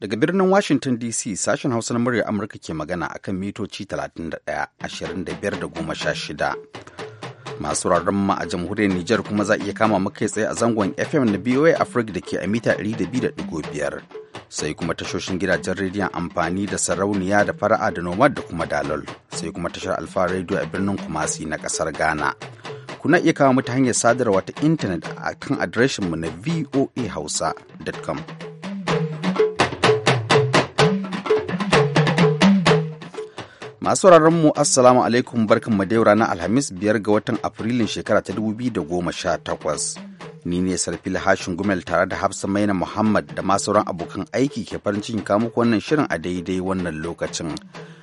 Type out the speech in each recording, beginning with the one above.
Daga birnin Washington DC sashen Hausa na muryar Amurka ke magana a kan mitoci 31, 25 da 16. Masu rarren ma a jamhuriyar Nijar kuma za iya kama maka tsaye a zangon FM na BOA Africa da ke a mita 200.5. Sai kuma tashoshin gidajen rediyon amfani da sarauniya da fara'a da nomad da kuma dalol. Sai kuma tashar Alfa rediyo a birnin Kumasi na kasar Ghana. Kuna iya kama mu hanyar sadarwa ta intanet a kan adireshinmu na voahausa.com. Masu mu Assalamu alaikum barkan da ranar Alhamis biyar ga watan Afrilun shekara ta da 2018. Ni ne sarfi Hashin Gumel tare da Hafsa Maina Muhammad da masu sauran abokan aiki ke farin cikin ko wannan shirin a daidai wannan lokacin.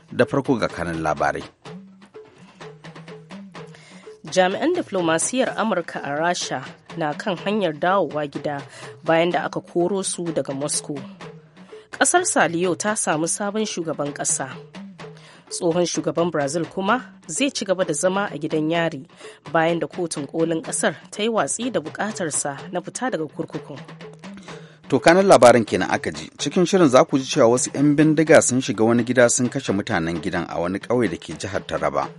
Da farko ga kanan labarai. Jami'an diflomasiyyar Amurka a Rasha na kan hanyar dawowa gida bayan da aka koro su daga Moscow. Ƙasar Saliyo ta samu sabon shugaban ƙasa. tsohon shugaban brazil kuma zai ci gaba da zama a gidan yari bayan da kotun kolin kasar ta yi watsi da bukatarsa na fita daga kurkukun to kanan labarin kenan aka ji cikin shirin za ku ji cewa wasu 'yan bindiga sun shiga wani gida sun kashe mutanen gidan a wani ƙauye da ke jihar taraba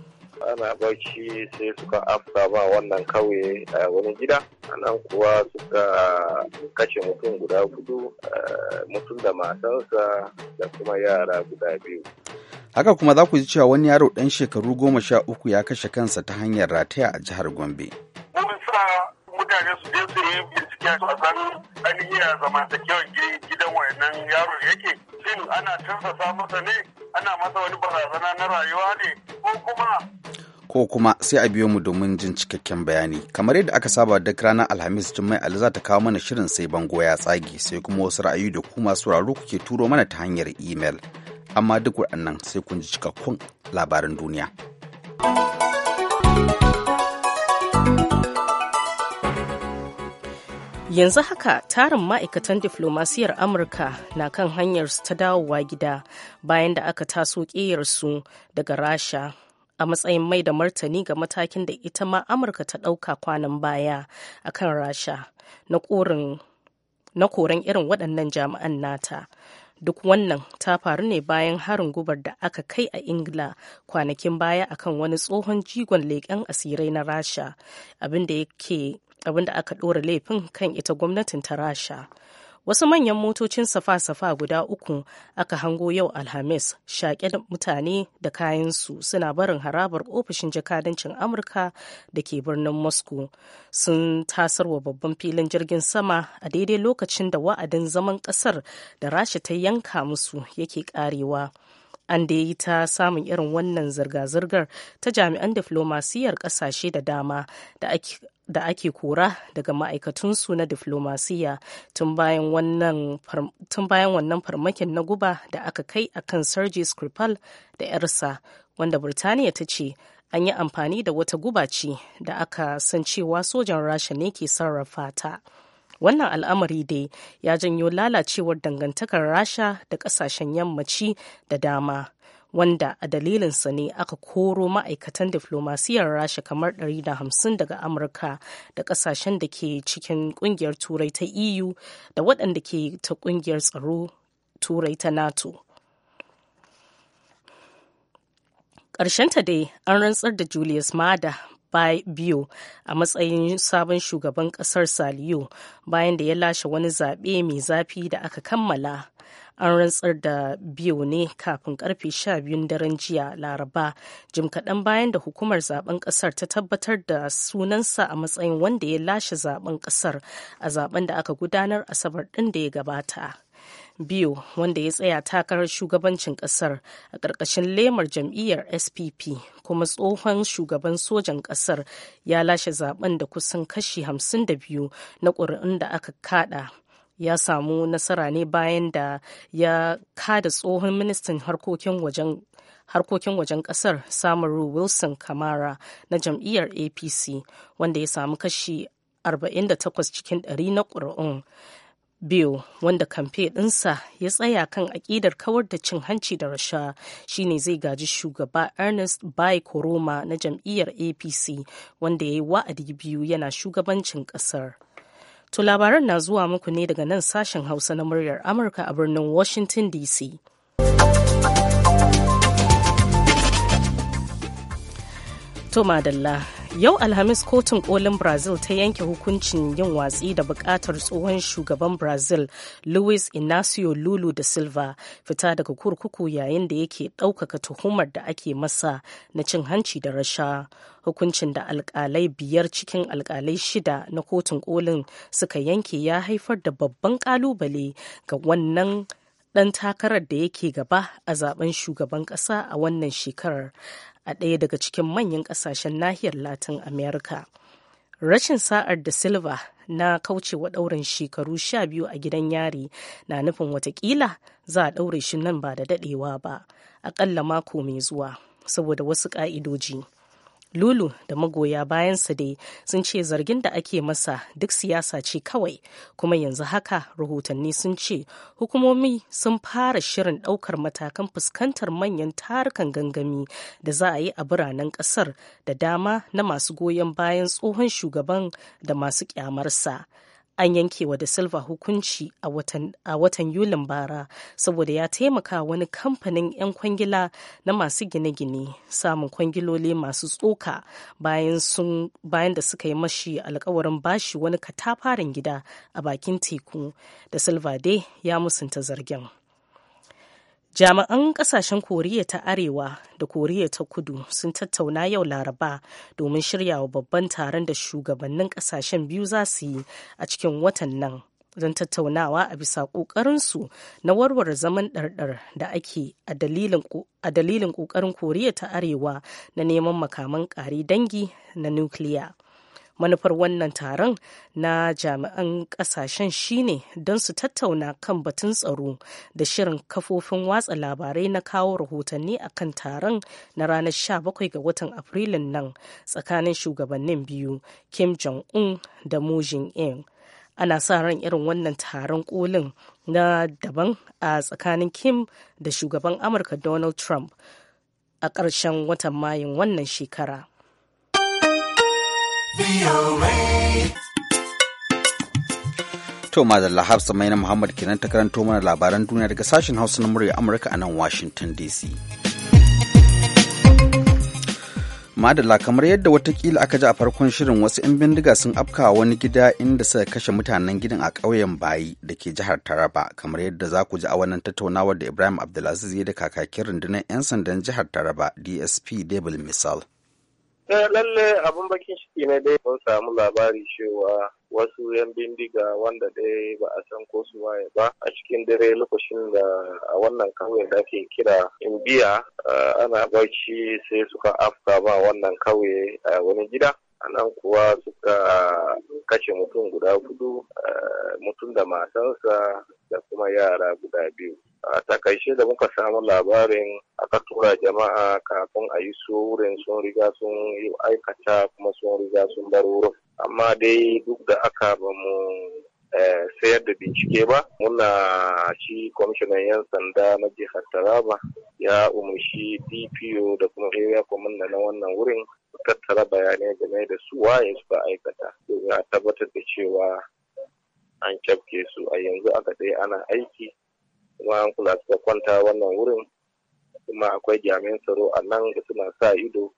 ana barci sai suka afka ba wannan kauye a wani gida anan kuwa suka kashe mutum guda hudu eh, mutum da matansa da kuma yara guda biyu haka kuma za ku ji cewa wani yaro ɗan shekaru goma sha uku ya kashe kansa ta hanyar rataya a jihar gombe mun sa mutane su je su yi bincike a san ainihin ya zamantakewan gidan wayannan yaro yake shin ana tarsasa masa ne ana masa wani barazana na rayuwa ne ko kuma ko kuma sai a biyo mu domin jin cikakken bayani kamar yadda aka saba duk ranar alhamis jummai ali za ta kawo mana shirin sai bango ya tsage sai kuma wasu ra'ayi da ku masu ku kuke turo mana ta hanyar imel. amma duk waɗannan sai kun ji cikakkun labarin duniya. Yanzu haka tarin ma'aikatan diflomasiyar Amurka na kan hanyarsu ta dawowa gida bayan da aka taso ƙiyarsu daga Rasha a matsayin mai da martani ga matakin da ita ma Amurka ta ɗauka kwanan baya a kan Rasha na koren irin waɗannan jami'an nata. duk wannan ta faru ne bayan harin gubar da aka kai a ingila kwanakin baya akan wani tsohon jigon leƙen asirai na rasha abinda aka ɗora laifin kan ita gwamnatin ta rasha wasu manyan motocin safa-safa guda uku aka hango yau alhamis shaƙe da mutane da kayansu suna barin harabar ofishin jakadancin amurka da ke birnin moscow sun tasarwa babban filin jirgin sama a daidai lokacin da wa'adin zaman ƙasar da rasha ta yanka musu yake ƙarewa an da yi ta samun irin wannan zirga-zirgar ta jami'an diflomasiyyar ƙasashe da dama da da ake kora daga ma'aikatunsu na diflomasiya tun bayan wannan farmakin na guba da aka kai a kan sergei skripal da 'yarsa wanda birtaniya ta ce an yi amfani da wata guba ce da aka san cewa sojan rasha ne ke sarrafa ta wannan al'amari dai ya janyo lalacewar dangantakar rasha da kasashen yammaci da dama wanda a dalilinsa ne aka koro ma'aikatan diflomasiyar rasha kamar 150 daga amurka da kasashen da ke cikin kungiyar turai ta eu da waɗanda ke ta kungiyar tsaro turai ta nato ƙarshenta dai an rantsar da julius mada biyu a matsayin sabon shugaban ƙasar saliyo bayan da ya lashe wani zaɓe mai zafi da aka kammala an rantsar da biyu ne kafin karfe biyun daren jiya laraba jim kaɗan bayan da hukumar zaben ƙasar ta tabbatar da sunansa a matsayin wanda ya lashe zaben ƙasar a zaben da aka gudanar asabar ɗin da ya gabata biyu wanda ya tsaya takarar shugabancin kasar a ƙarƙashin lemar jam'iyyar spp kuma tsohon shugaban sojan kasar ya lashe zaben da kusan kashi 52 na ƙuri'un da aka kada ya samu nasara ne bayan da ya kada tsohon ministan harkokin wajen harkokin wajen kasar samaru wilson kamara na jam'iyyar apc wanda ya samu kashi 48 cikin 100 na ƙuri'un biyu wanda kamfe ɗinsa ya tsaya kan aƙidar kawar da cin hanci da rasha shine zai gaji shugaba ernest bai koroma na jam'iyyar apc wanda ya yi wa'adi biyu yana shugabancin ƙasar. To labaran na zuwa muku ne daga nan sashen Hausa na muryar Amurka a birnin Washington DC. To madalla Yau Alhamis kotun kolin Brazil ta yanke hukuncin yin watsi da bukatar tsohon shugaban Brazil Luis Inacio Lulu da Silva fita daga kurkuku yayin da yake ɗaukaka tuhumar da ake masa na cin hanci da rasha. Hukuncin da alkalai biyar cikin alkalai shida na kotun kolin suka yanke ya haifar da babban kalubale ga wannan ɗan takarar da yake gaba a zaben shugaban ƙasa a wannan shekarar a ɗaya daga cikin manyan ƙasashen nahiyar latin america rashin sa'ar da silva na kaucewa ɗaurin shekaru sha biyu a gidan yari na nufin watakila za a ɗaure shi nan ba da daɗewa ba aƙalla mako mai zuwa saboda wasu ƙa'idoji lulu da magoya bayansa dai sun ce zargin da ake masa duk siyasa ce kawai kuma yanzu haka rahotanni sun ce hukumomi sun fara shirin daukar matakan fuskantar manyan tarukan gangami da za a yi a biranen kasar da dama na masu goyon bayan tsohon shugaban da masu kyamarsa. an yanke wa da silva hukunci a watan yulin bara saboda ya taimaka wani kamfanin 'yan kwangila na masu gine-gine samun kwangiloli masu tsoka bayan da suka yi mashi alkawarin bashi wani katafaren gida a bakin teku da silva dai ya musunta zargin jami'an kasashen koriya ta arewa da koriya ta kudu sun tattauna yau laraba domin shirya wa babban taron da shugabannin kasashen biyu za su yi a cikin watan nan don tattaunawa a bisa ƙoƙarinsu na warware zaman ɗarɗar da ake a dalilin ƙoƙarin koriya ta arewa na neman makaman ƙari dangi na nukiliya manufar wannan taron na jami'an kasashen shine don su tattauna kan batun tsaro da shirin kafofin watsa labarai na kawo rahotanni a kan taron na ranar 17 ga watan afrilun nan tsakanin shugabannin biyu kim jong-un da mu in ana sa ran irin wannan taron kolin na daban a tsakanin kim da shugaban amurka donald trump a ƙarshen watan mayun wannan shekara. To madalla Hafsa maina na Muhammad kenan ta karanto mana labaran duniya daga sashen Hausa na murya Amurka a nan Washington DC. Madalla kamar yadda watakila aka ji a farkon shirin wasu 'yan bindiga sun afka wani gida inda suka kashe mutanen gidan a ƙauyen bayi da ke jihar Taraba kamar yadda za ku ji a wannan tattaunawar da Ibrahim Abdulaziz ya da kakakin rundunar 'yan sandan jihar Taraba DSP Devil Misal. Eh lalle abun bakin ciki ne dai mun samu labari cewa wasu yan bindiga wanda dai ba a san ko su waye ba a cikin dare lokacin da a wannan kauye da ake kira Imbiya eh, ana barci sai suka afka ba wannan kauye a eh, wani gida anan kuwa suka kashe mutum guda hudu eh, mutum da matansa da kuma yara guda biyu a takaice da muka samu labarin aka tura jama'a kafin a yi su wurin sun riga sun yi aikata kuma sun riga sun bar wurin amma dai duk da aka ba mu eh, sayar da bincike ba muna shi kwamishinan yan sanda na jihar taraba ya umarshi dpo da kuma area commander na wannan wurin tattara bayanai game da su waye suka aikata domin a tabbatar da cewa an cafke su a yanzu aka dai ana aiki kuma an kula suka kwanta wannan wurin kuma akwai jami'an tsaro a nan da suna sa ido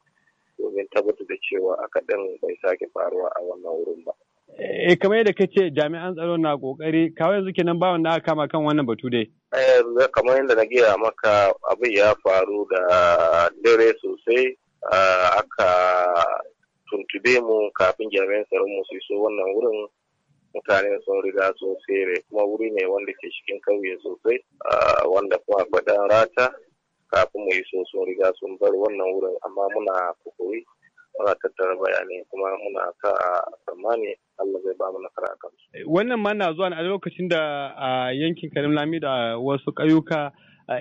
domin tabbatar da cewa aka ɗan bai sake faruwa a wannan wurin ba. Eh kamar yadda kace jami'an tsaro na kokari kawai yanzu kenan ba wanda aka kama kan wannan batu dai. Eh kamar yadda na gaya maka abin ya faru da dare sosai ah, aka tuntube mu kafin jami'an tsaron mu su iso wannan wurin mutane sun riga sun sere kuma wuri ne wanda ke cikin kauye sosai wanda kuma gbadan rata kafin mu yi so sun riga sun bar wannan wurin amma muna kukuri muna tattara bayanai kuma muna sa tsammani Allah zai ba mu nasara akan su. Wannan ma na zuwa a lokacin da a yankin Karim Lami da wasu ƙauyuka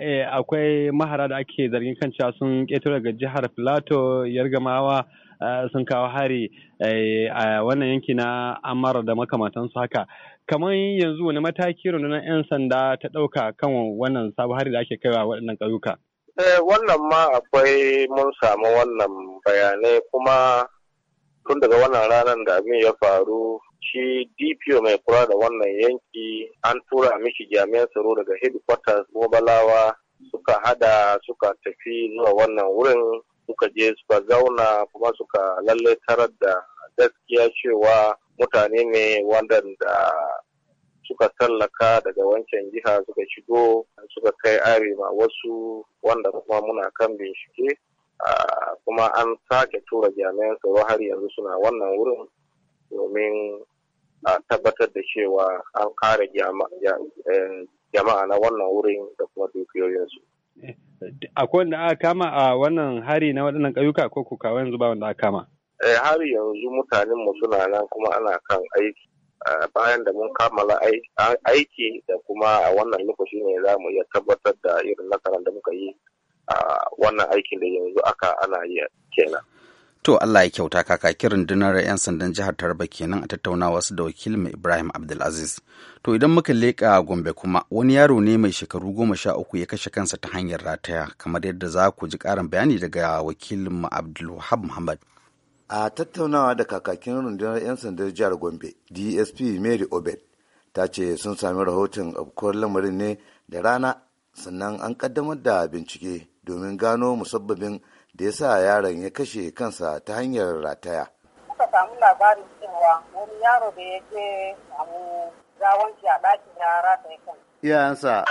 e, akwai mahara da ake zargin kan cewa sun ƙetare daga jihar Filato, Yargamawa, sun kawo hari a wannan yanki na amara da makamantansu haka kamar yanzu wani mataki rundunar 'yan sanda ta ɗauka kan wannan sabu hari da ake kaiwa waɗannan ƙauyuka eh, wannan ma akwai mun samu wannan bayanai kuma tun daga wannan ranar da abin ya faru shi dpo mai kula da wannan yanki an tura mishi jami'an tsaro daga headquarters mobalawa suka hada suka tafi zuwa wannan wurin suka je suka zauna kuma suka lalle tarar da gaskiya cewa mutane ne wadanda suka tallaka daga wancan jiha suka shigo suka kai ma wasu wanda kuma muna kan bincike kuma an sake tura jami'an tsaro har yanzu suna wannan wurin domin a tabbatar da cewa an kare jama'a na wannan wurin da kuma dukiyoyinsu. akwai wanda aka kama a wannan hari na waɗannan ƙauyuka ko kuka, yanzu ba wanda aka kama eh, har yanzu mutanen mu suna nan kuma ana kan aiki bayan da mun kammala aiki da kuma a wannan lokaci ne za mu iya tabbatar da irin nasarar da muka yi a wannan aikin da yanzu aka ana yi kenan To Allah ya kyauta kakakin rundunar 'yan sandan jihar taraba kenan a tattaunawa su da wakilin Ibrahim Abdulaziz. To idan muka leƙa Gombe kuma wani yaro ne mai shekaru goma sha uku ya kashe kansa ta hanyar rataya kamar yadda za ku ji ƙarin bayani daga wakilin Abdulwahab Muhammad. A tattaunawa da kakakin rundunar 'yan sandan jihar Gombe DSP Mary Obed ta ce sun sami rahoton afkuwar lamarin ne da rana sannan an ƙaddamar da bincike domin gano musabbabin da ya sa yaron ya kashe kansa ta hanyar rataya. Suka samu labarin cewa wani yaro da ya ke samu gawanci a ɗakin ya rataye kan. Iyayensa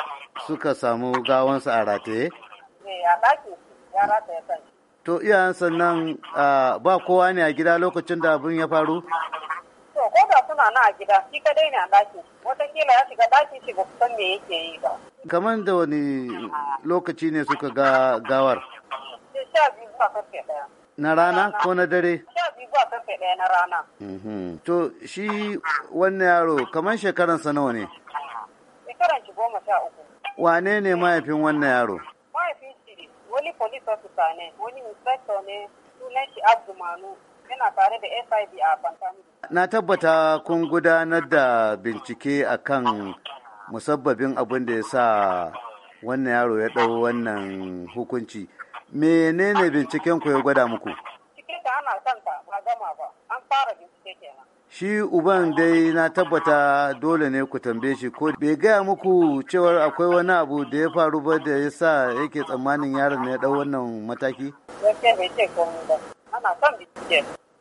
suka samu gawansa a rataye? Ne eh, a ɗakin ya rataye kan. To iyayensa nan ba kowa ne a gida lokacin da abin ya faru? To ko da suna na a gida shi kadai ne a ɗakin Wataƙila ya shiga ɗakin shi ba kusan me yake yi ba. Kamar da wani lokaci ne suka ga gawar? sha biyu zuwa karfe ɗaya. Na rana ko na dare? Sha biyu zuwa karfe ɗaya na rana. Mhm. To shi wannan yaro kamar shekaransa nawa ne? Shekaran shi goma sha uku. Wane ne mahaifin wannan yaro? Mahaifin shi wani police officer ne, wani inspector ne, sunan shi Abdu Manu. Yana tare da SIB a Fantami. Na tabbata kun gudanar da bincike akan musabbabin abin da ya sa wannan yaro ya ɗau wannan hukunci menene binciken ku ya gwada muku bincike ana son ta ba gama ba an fara bincike kenan shi uban dai na tabbata dole ne ku tambaye shi ko bai gaya muku cewar akwai wani abu da ya faru ba da ya sa yake tsammanin yaron ya ɗau wannan mataki?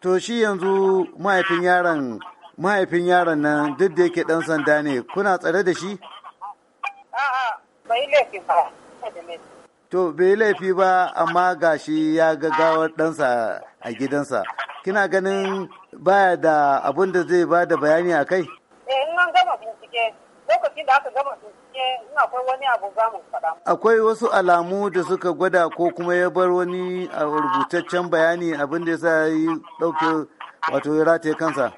To shi yanzu mahaifin yaron mahaifin yaron nan duk da yake ɗan sanda ne kuna tsare da shi? A'a, bai laifin ba. to bai laifi ba amma gashi ya ga gawar ɗansa a gidansa kina ganin baya da abun da zai ba da bayani a kai? Eh, in gama bincike lokacin da aka gama bincike ina akwai wani abu za mu faɗa. akwai wasu alamu da suka gwada ko kuma ya bar wani a rubutaccen bayani abin da ya sa yi ɗauke wato ya rataye kansa?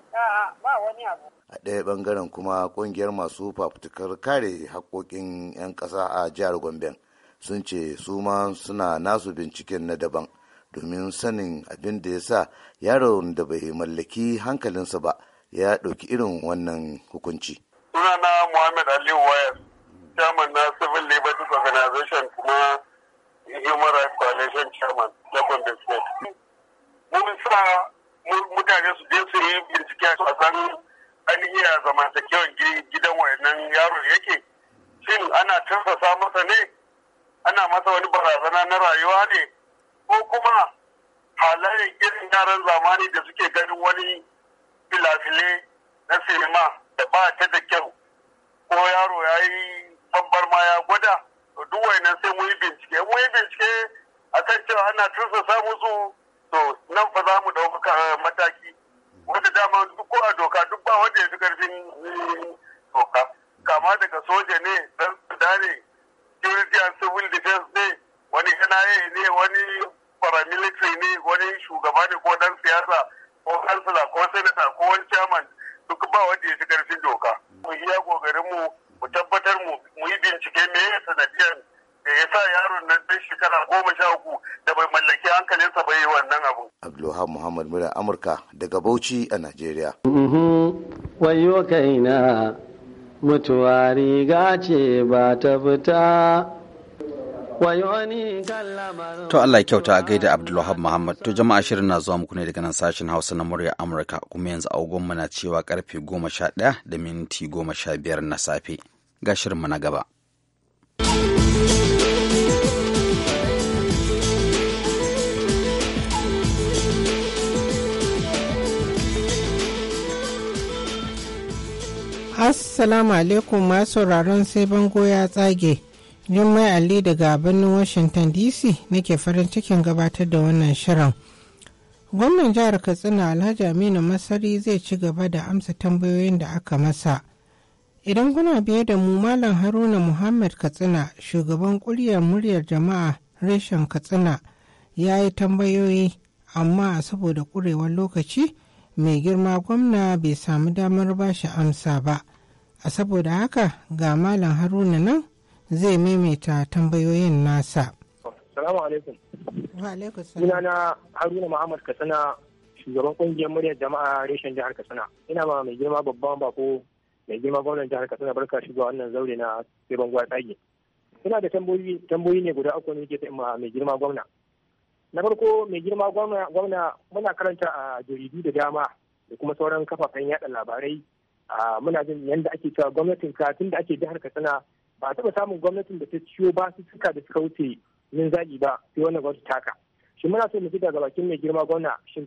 ba wani abu. a ɗaya ɓangaren kuma ƙungiyar masu fafutukar kare haƙoƙin 'yan ƙasa a jihar gombe sun ce su ma suna nasu binciken na daban domin sanin abin da ya sa yaron da bai mallaki hankalinsa ba ya ɗauki irin wannan hukunci. Sunana Muhammad Ali Wayar, chairman na Civil Liberties Organization kuma Human Rights Coalition chairman na Gombe State. Mun sa mutane su je su yi bincike su a san ainihin a zamantakewan gidan wayannan yaro yake. Shin ana tursasa masa ne? ana masa wani barazana na rayuwa ne ko kuma halayen irin yaran zamani da suke ganin wani filafile na sinima da ba ta da kyau ko yaro ya yi tambar ma ya gwada to duk wainan sai muyi bincike muyi yi bincike a kan cewa ana samu su to nan fa za mu ɗauka mataki wanda dama duk ko a doka duk ba wanda ya fi ƙarfin doka kama daga soja ne dan da ne security and civil defense ne wani NIA ne wani paramilitary ne wani shugaba ne ko dan siyasa ko kansila ko senata ko wani chairman duk ba wanda ya ci karfin doka mu iya kokarin mu mu tabbatar mu mu yi bincike me ya sanadiyar da ya sa yaron nan dan shekara goma sha uku da bai mallaki hankalinsa ba yi wannan abu. Abdulhamid Muhammad Mura Amurka daga Bauchi a Najeriya. Wayo kaina mutuwa riga ce ba ta fita To Allah kyauta a gaida Abdulwahab Muhammad. To jama'a shirin na zuwa muku ne daga nan sashen Hausa na murya Amurka kuma yanzu agogonmu na cewa karfe goma sha ɗaya da minti goma sha biyar na safe. Ga shirin mu na gaba. Assalamu alaikum masu sauraron sai bango ya tsage. Jummai Ali daga birnin Washington DC nake farin cikin gabatar da wannan shirin. Gwamnan jihar Katsina Alhaji Aminu Masari zai ci gaba da amsa tambayoyin da aka masa. Idan kuna biye da mu Malam Haruna Muhammad Katsina shugaban kuryar muryar jama'a reshen Katsina ya yi tambayoyi amma saboda kurewar lokaci mai girma gwamna bai samu damar ba shi amsa ba a saboda haka ga malam haruna nan zai maimaita tambayoyin nasa salamu alaikum ina na haruna muhammad katsina shugaban kungiyar muryar jama'a reshen jihar katsina ina ma mai girma babban bako mai girma gwamnan jihar katsina barka shiga wannan zaure na sai bangon tsage ina da tambayoyi ne guda uku ne ke ma mai girma gwamna na farko mai girma gwamna muna karanta a jaridu da dama da kuma sauran kafafen yada labarai a muna jin yadda ake cewa gwamnatin tun da ake jihar katsina ba taba samun gwamnatin da ta ciyo ba su suka da suka wuce min zaki ba sai wannan gwamnati taka shi muna so mu ji daga bakin mai girma gwamna shin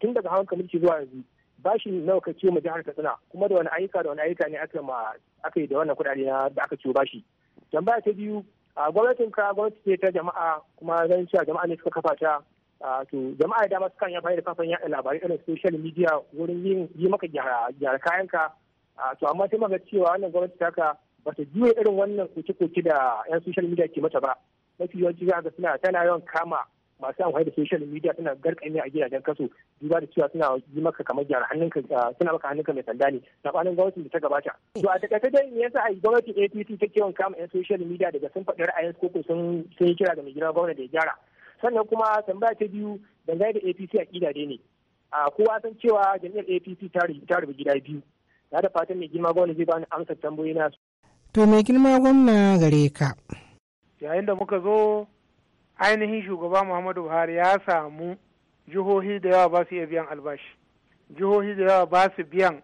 tun daga hawan kamar zuwa yanzu ba shi nawa ka ciyo mu jihar katsina kuma da wani ayyuka da wani ayyuka ne aka ma aka yi da wannan kuɗaɗe da aka ciyo bashi tambaya ta biyu a gwamnatin ka gwamnati ce ta jama'a kuma zan cewa jama'a ne suka kafa ta to jama'a dama masu kan bayar da kafan ya labarai irin social media wurin yin yi maka gyara kayan ka to amma sai maka cewa wannan gwamnati ta ka ba ta juya irin wannan koke-koke da 'yan social media ke mata ba mafi yawanci za ga suna tana yawan kama masu amfani da social media suna ne a gidajen kasu duba da cewa suna yi maka kamar gyara hannunka suna maka hannunka mai sanda ne na kwanan gwamnati da ta gabata to a takaice dai me yasa ai gwamnatin APC ta kewan kama yan social media daga sun faɗi ra'ayin ko sun sun yi kira ga mai gidan gwamnati da ya gyara sannan kuma tambaya ta biyu dangane da APC a kidade ne a kowa san cewa jami'ar APC ta rubu gida biyu na da fatan mai girma gwamnati zai bani amsar tambayoyi na to mai girma gwamna gare ka yayin da muka zo ainihin shugaba muhammadu buhari ya samu jihohi da yawa ba su iya biyan albashi jihohi da yawa ba su biyan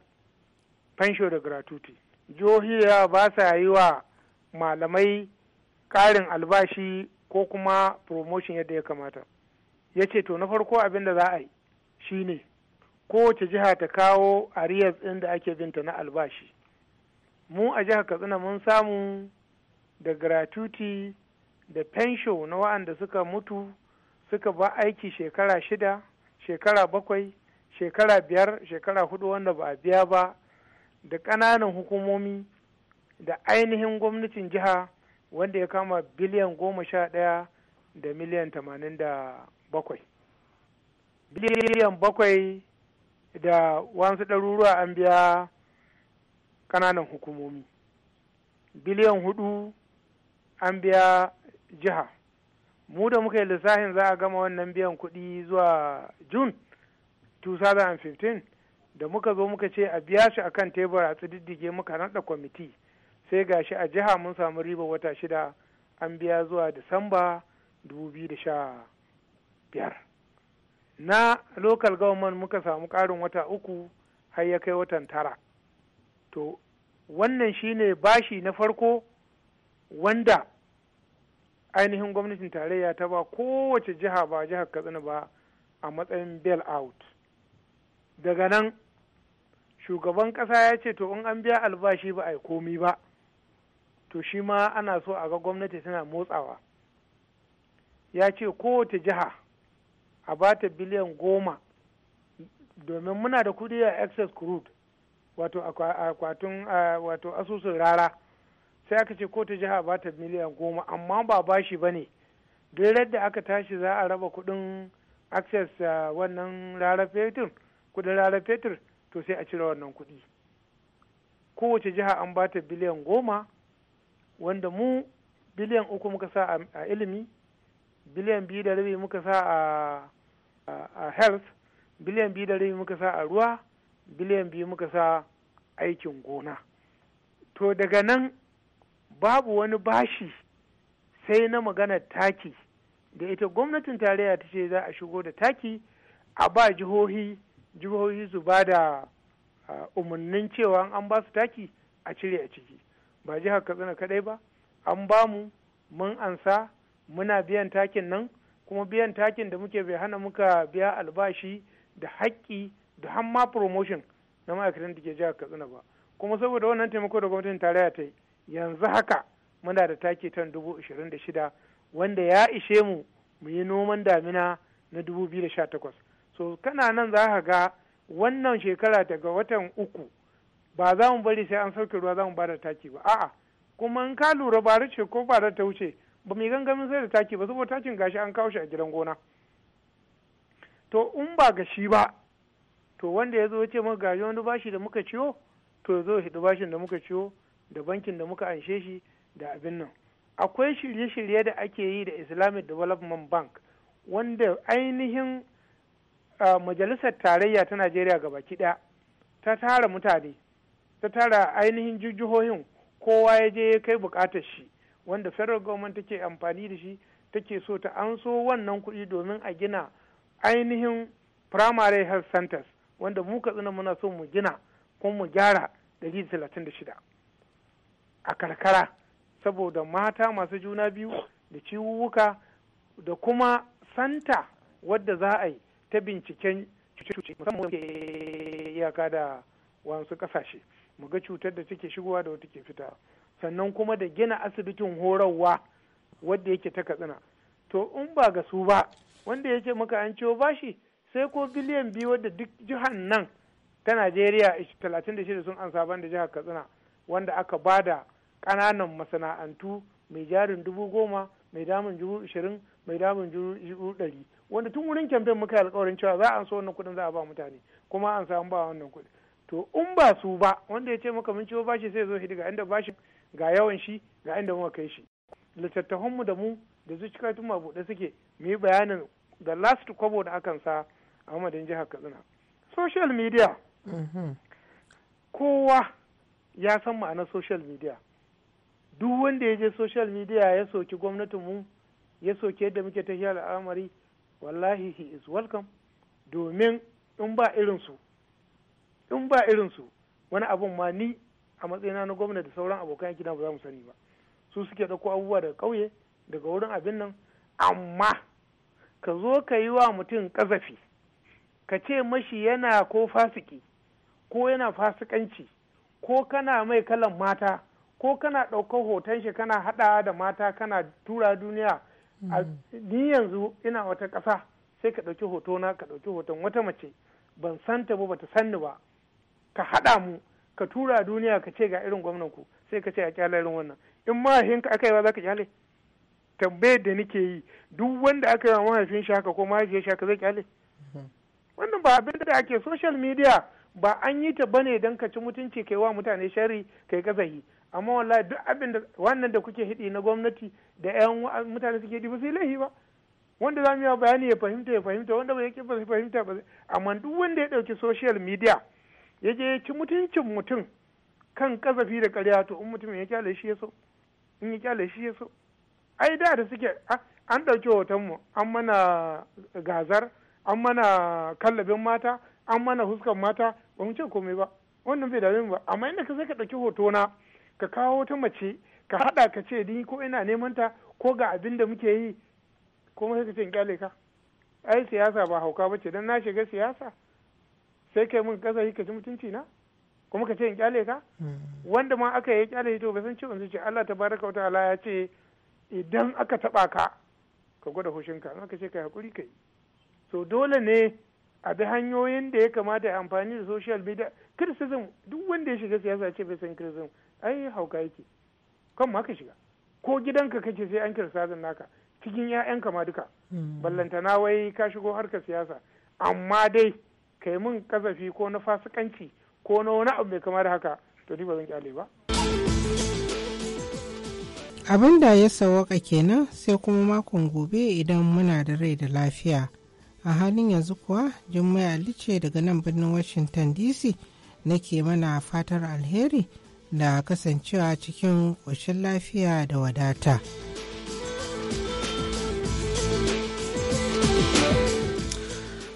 fansho da gratuity jihohi da yawa ba sa yi wa malamai ƙarin albashi ko kuma promotion yadda ya kamata ya ce to na farko abin da za a yi shine kowace jiha ta kawo ariyas ɗin da ake binta na albashi mu a jihar katsina mun samu da gratuity da fensho na wa'anda suka mutu suka ba aiki shekara shida shekara bakwai shekara biyar shekara hudu wanda ba a biya ba da ƙananan hukumomi da ainihin gwamnatin jiha wanda ya kama biliyan goma sha ɗaya da miliyan tamanin da bakwai biliyan bakwai da wasu ɗaruruwa an biya ƙananan hukumomi biliyan hudu an biya jiha mu da muka yi lissafin za a gama wannan biyan kuɗi zuwa june 2015 da muka zo muka ce a biya shi akan tebur a tsididdige muka naɗa kwamiti sai ga shi a jiha mun samu riba wata shida an biya zuwa disamba 2015 na local government muka samu ƙarin wata uku har ya kai watan tara to wannan shine bashi na farko wanda ainihin gwamnatin tarayya ta ba kowace jiha ba jihar katsina ba a matsayin bail out daga nan shugaban ƙasa ya ce to in an biya albashi ba a yi komi ba to shi ma ana so a ga gwamnati tana motsawa ya ce kowace jiha a ba ta biliyan goma domin muna da kudi a excess crude wato akwatin wato asusun rara sai aka ce ko ta jiha ba ta miliyan goma amma ba bashi ba ne duk da aka tashi za a raba kuɗin access uh, wannan rara kuɗin rara to sai a cire wannan kuɗi kowace jiha an ba ta biliyan goma wanda mu biliyan uku muka sa a ilimi biliyan biyu da rabi muka sa a health biliyan biyu da rabi muka sa a ruwa biliyan biyu muka sa aikin gona to daga nan babu wani bashi sai na maganar taki da ita gwamnatin tarayya ta ce za a shigo da taki a ba jihohi jihohi su ba da umarnin cewa an ba su taki a cire a ciki ba jihar katsina kadai ba an ba mu mun ansa muna biyan takin nan kuma biyan takin da muke bai hana muka biya albashi da haƙƙi da hamma promotion na ma'aikatan da ke jihar katsina ba kuma saboda wannan taimako da gwamnatin tarayya ta yi yanzu haka muna da take tan dubu ashirin da shida wanda ya ishe mu mu yi noman damina na dubu biyu da sha takwas so kana nan za ka ga wannan shekara daga watan uku ba za mu bari sai an sauke ruwa za mu bada taki ba a'a kuma in ka lura ba ce ko ba ta wuce ba mu gangamin sai da taki ba saboda takin gashi an kawo shi a gidan gona to in ba ga shi ba to wanda ya zo ya ce muka gashi wani bashi da muka ciwo to ya zo ya bashin da muka ciwo da bankin da muka anshe shi da abin nan akwai shirye-shirye da ake yi da islamic development bank wanda ainihin majalisar tarayya ta najeriya ga baki ɗaya ta tara mutane ta tara ainihin jihohin kowa ya je ya kai bukatar shi wanda federal government take amfani da shi take so ta an so wannan kuɗi domin a gina ainihin primary health centers wanda mu tsina muna so mu gina kuma mu gyara 136 a karkara saboda mata masu juna biyu da ciwuwuka da kuma santa wadda za a yi ta binciken cuce musamman iyaka da wasu kasashe mu ga cutar da take shigowa da wata ke fita sannan kuma da gina asibitin horarwa wadda yake ta katsina to in ba ga su ba wanda yake maka an ciwo bashi sai ko biliyan biyu wadda duk jihar nan ta najeriya 36 sun ansa ban da jihar katsina wanda aka bada kananan masana'antu mai jarin dubu goma mai damun dubu ishirin mai damun dubu ɗari wanda tun wurin kyamfen muka alkawarin cewa za a so wannan kuɗin za a ba mutane kuma an samu ba wannan kuɗi to in ba su ba wanda ya ce maka mun ciwo bashi sai zo hidi ga inda bashi ga yawan shi ga inda muka kai shi littattafanmu da mu da su cika tun buɗe suke mu yi bayanin da last kwabo da akan sa a madadin jihar katsina social media mm-hmm. kowa ya san ma'ana social media duk wanda ya je social media ya soki gwamnatinmu ya soki yadda muke ta tafiya al'amari wallahi he is welcome domin in ba irinsu in ba irinsu wani abun ma ni a matsayina na gwamna da sauran abokan aiki ba za mu sani ba su suke ɗauko abubuwa daga kauye daga wurin abin nan amma ka zo ka yi wa mutum ƙazafi ka ce mashi yana ko fasiki ko yana fasikanci ko kana mai kalan mata ko kana ɗaukar hoton shi kana haɗa da mata kana tura duniya mm. ni yanzu ina wata ƙasa sai ka ɗauki hoto na ka ɗauki hoton wata mace ban san ta ba bata ni ba ka haɗa mu ka tura duniya ka ce ga irin gwamnan ku sai ka ce a kyala irin wannan in mahaifinka aka yi ba za ka kyale tambayar da nake yi duk wanda aka yi wa mahaifin shi haka ko mahaifiyar shi haka zai kyale mm-hmm. wannan ba abin da ake social media ba an yi ta bane don ka ci mutunci kai wa mutane shari kai kazahi amma wallahi duk abin da wannan da kuke hidi na gwamnati da yan mutane suke hidi ba sai laifi ba wanda za mu yi bayani ya fahimta ya fahimta wanda ba yake ba fahimta ba amma duk wanda ya dauki social media ya ya ci mutuncin mutum kan kazafi da ƙarya to in mutum ya kyale shi ya so in ya kyale shi ya so ai da da suke an ɗauki hoton mu an mana gazar an mana kallabin mata an mana huskan mata ba mu ce komai ba wannan bai dame mu ba amma inda ka sai ka ɗauki hoto na ka kawo wata mace ka hada ka ce ni ko ina neman ta ko ga abin da muke yi ko mai ka ce in kyale ka ai siyasa ba hauka ba ce don na shiga siyasa sai kai mun kasa ka ci mutunci na kuma ka ce in kyale ka hmm. wanda ma aka yi kyale to ba san ciwon ce Allah tabaraka wataala ya ce idan aka taba ka ka gwada hushinka in aka ce ka hakuri kai so dole ne a bi hanyoyin da ya kamata ya amfani da social media criticism duk wanda ya shiga siyasa ce bai san criticism ai hauka yake kan ma ka shiga ko gidanka kake sai an kirsa naka cikin 'ya'yanka ma duka hmm. ballantana wai ka shigo harkar siyasa amma dai kai mun kazafi ko na fasikanci ko na wani abu mai kama da haka to ni ba zan kyale ba abin da ya sawaka kenan sai kuma makon gobe idan muna da rai da lafiya a halin yanzu kuwa jummai alice daga nan birnin washington dc nake mana fatar alheri da kasancewa cikin ƙoshin lafiya da wadata.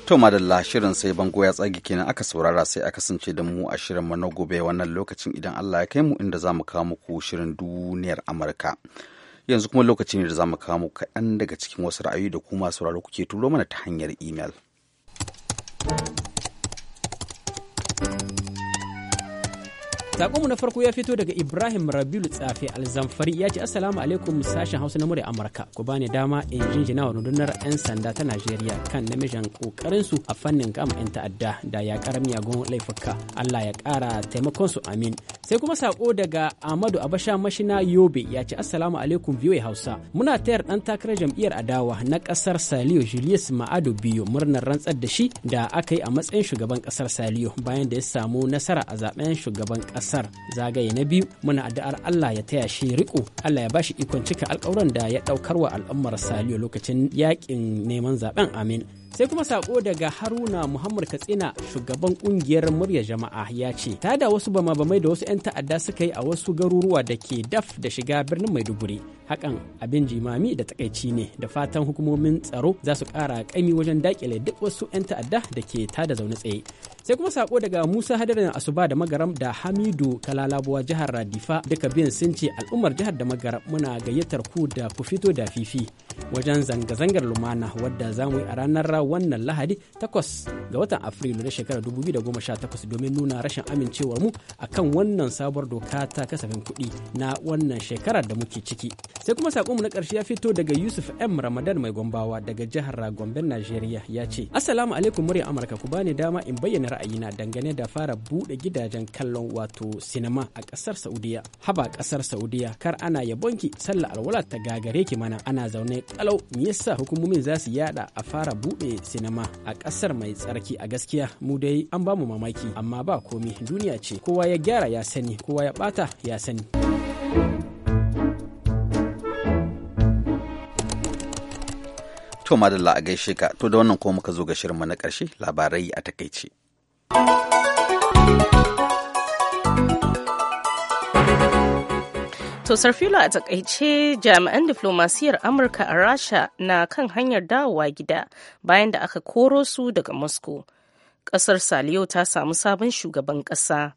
To madalla shirin sai bango ya tsage kenan aka saurara sai aka kasance da mu a shirin mu na gobe wannan lokacin idan Allah ya kai mu inda za mu kawo muku shirin duniyar Amurka. Yanzu kuma lokaci ne da za mu kawo muku kaɗan daga cikin wasu ra'ayi da kuma sauraro kuke turo mana ta hanyar imel. Sakonmu na farko ya fito daga Ibrahim Rabiul Tsafe Alzamfari ya ce Assalamu alaikum sashen Hausa na murya Amurka. Ku bani dama in jinjina wa rundunar 'yan sanda ta Najeriya kan namijin kokarin su a fannin kama 'yan ta'adda da ya ƙara miyagun laifuka. Allah ya kara taimakon su amin. Sai kuma sako daga Ahmadu Abasha Mashina Yobe ya ce Assalamu alaikum VOA Hausa. Muna tayar dan takarar jam'iyyar adawa na ƙasar Saliyo Julius Ma'adu Biyo murnar rantsar da shi da aka yi a matsayin shugaban ƙasar Saliyo bayan da ya samu nasara a zaben shugaban kasar Masar zagaye na biyu muna addu'ar Allah ya taya shi riko Allah ya ba shi ikon cika alkawuran da ya ɗaukar wa al'ummar Saliyo lokacin yakin neman zaben amin sai kuma sako daga haruna muhammad katsina shugaban kungiyar murya jama'a ya ce ta da wasu bama-bamai da wasu 'yan ta'adda suka yi a wasu garuruwa da ke daf da shiga birnin maiduguri hakan abin jimami da takaici ne da fatan hukumomin tsaro za su kara kaimi wajen dakile duk wasu 'yan ta'adda da ke tada zaune tsaye sai kuma sako daga musa hadarin asuba da magaram da hamidu kalalabuwa jihar radifa duka biyan sun ce al'ummar jihar da magaram muna gayyatar ku da ku fito da fifi wajen zanga-zangar lumana wadda za mu yi a ranar wannan lahadi 8 ga watan afrilu na shekarar 2018 domin nuna rashin amincewar mu akan wannan sabuwar doka ta kasafin kuɗi na wannan shekarar da muke ciki sai kuma mu na ƙarshe ya fito daga yusuf m ramadan mai gombawa daga jihar gomben najeriya ya ce assalamu alaikum murya amurka ku bani dama in bayyana ra'ayina dangane da fara buɗe gidajen kallon wato sinima a ƙasar saudiya haba ƙasar saudiya kar ana yabonki sallah alwala ta gagare ki mana ana zaune kalau me yasa hukumomin za su yada a fara buɗe sinima a ƙasar mai tsarki a gaskiya mu dai an bamu mamaki amma ba komi duniya ce kowa ya gyara ya sani kowa ya ɓata ya sani. To madalla a gaishe ka to da wannan ko muka zo ga shirinmu na karshe labarai a takaice. To Sarfilo a takaice jami'an diflomasiyar Amurka a Rasha na kan hanyar dawowa gida bayan da aka koro su daga Moscow. Ƙasar Saliyo ta samu sabon shugaban ƙasa.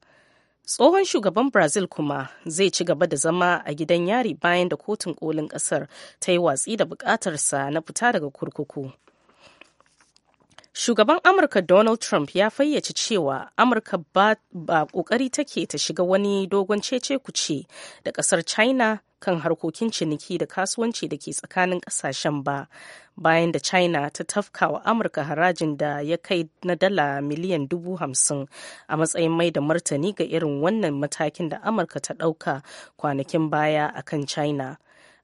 Tsohon shugaban Brazil kuma zai ci gaba da zama a gidan yari bayan da kotun kolin ƙasar ta yi watsi da buƙatarsa na fita daga kurkuku. Shugaban Amurka Donald Trump ya fayyace cewa Amurka ba kokari take ta shiga wani dogon cece kuce da kasar China kan harkokin ciniki da kasuwanci da ke tsakanin kasashen ba, bayan da China ta tafka wa Amurka harajin da ya kai na dala miliyan dubu hamsin a matsayin mai da martani ga irin wannan matakin da Amurka ta ɗauka kwanakin baya a kan China.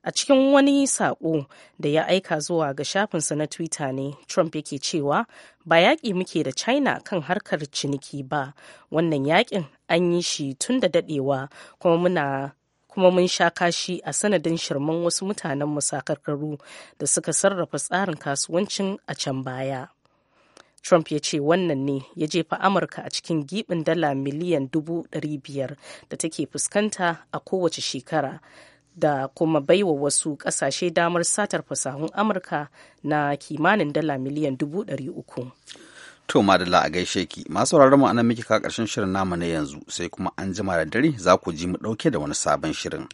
A cikin wani saƙo da ya aika zuwa ga shafinsa na Twitter ne, Trump yake cewa ba yaƙi muke da China kan harkar ciniki ba, wannan yaƙin an yi shi tun da daɗewa kuma muna kuma mun sha kashi a sanadin shirman wasu mutanen musakarkaru da suka sarrafa tsarin kasuwancin a can baya. Trump ya ce wannan ne ya jefa Amurka a cikin giɓin dala miliyan dubu biyar da take fuskanta a kowace shekara da kuma baiwa wasu kasashe damar satar fasahun amurka na kimanin dala miliyan dubu ɗari uku to madalla a gaishe ki masu mu anan miki ka karshen shirin namu na yanzu sai kuma an jima da dare za ku ji mu dauke da wani sabon shirin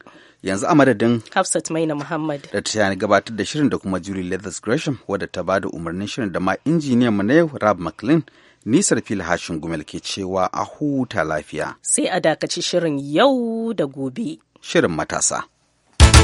yanzu a madadin hafsat maina muhammad da ta gabatar da shirin da kuma julie leathers gresham wadda ta bada umarnin shirin da ma injiniyan mu na yau rab mclean nisar Sarfil hashin gumel ke cewa a huta lafiya sai a dakaci shirin yau da gobe shirin matasa